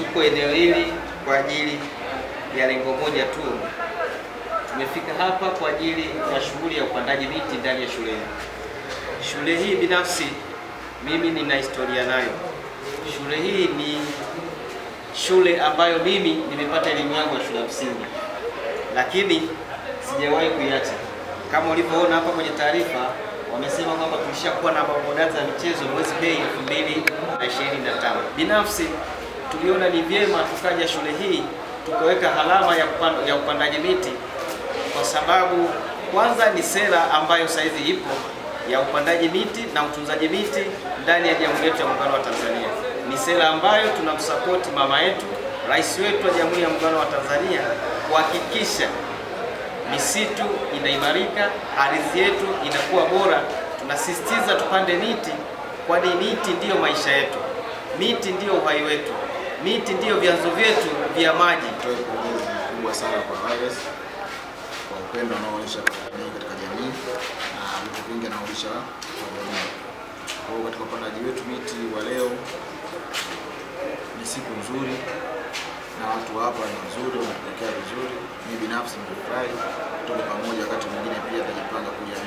tuko eneo hili kwa ajili ya lengo moja tu. Tumefika hapa kwa ajili ya shughuli ya upandaji miti ndani ya shule hii. Shule hii binafsi mimi nina historia nayo. Shule hii ni shule ambayo mimi nimepata elimu yangu ya shule ya msingi, lakini sijawahi kuiacha. Kama ulivyoona hapa kwenye taarifa, wamesema kwamba tulishakuwa na mabodata ya michezo mwezi Mei 2025. Binafsi tuliona ni vyema tukaja shule hii tukaweka halama ya, upand, ya upandaji miti kwa sababu kwanza ni sera ambayo sahizi ipo ya upandaji miti na utunzaji miti ndani ya Jamhuri yetu ya Muungano wa Tanzania. Ni sera ambayo tunamsapoti mama yetu rais wetu wa Jamhuri ya Muungano wa Tanzania kuhakikisha misitu inaimarika, ardhi yetu inakuwa bora. Tunasisitiza tupande miti, kwani miti ndiyo maisha yetu, miti ndiyo uhai wetu miti ndiyo vyanzo vyetu vya maji. Toe pongezi kubwa sana kwa Harvest kwa upendo anaoonyesha katika jamii na vitu vingi anaonyesha kwa jamii. Kwa hiyo katika upandaji wetu miti wa leo ni siku nzuri na watu hapa ni wazuri, wanatupokea vizuri. Mimi binafsi nimefurahi, tuko pamoja, wakati mwingine pia tajipanga kuja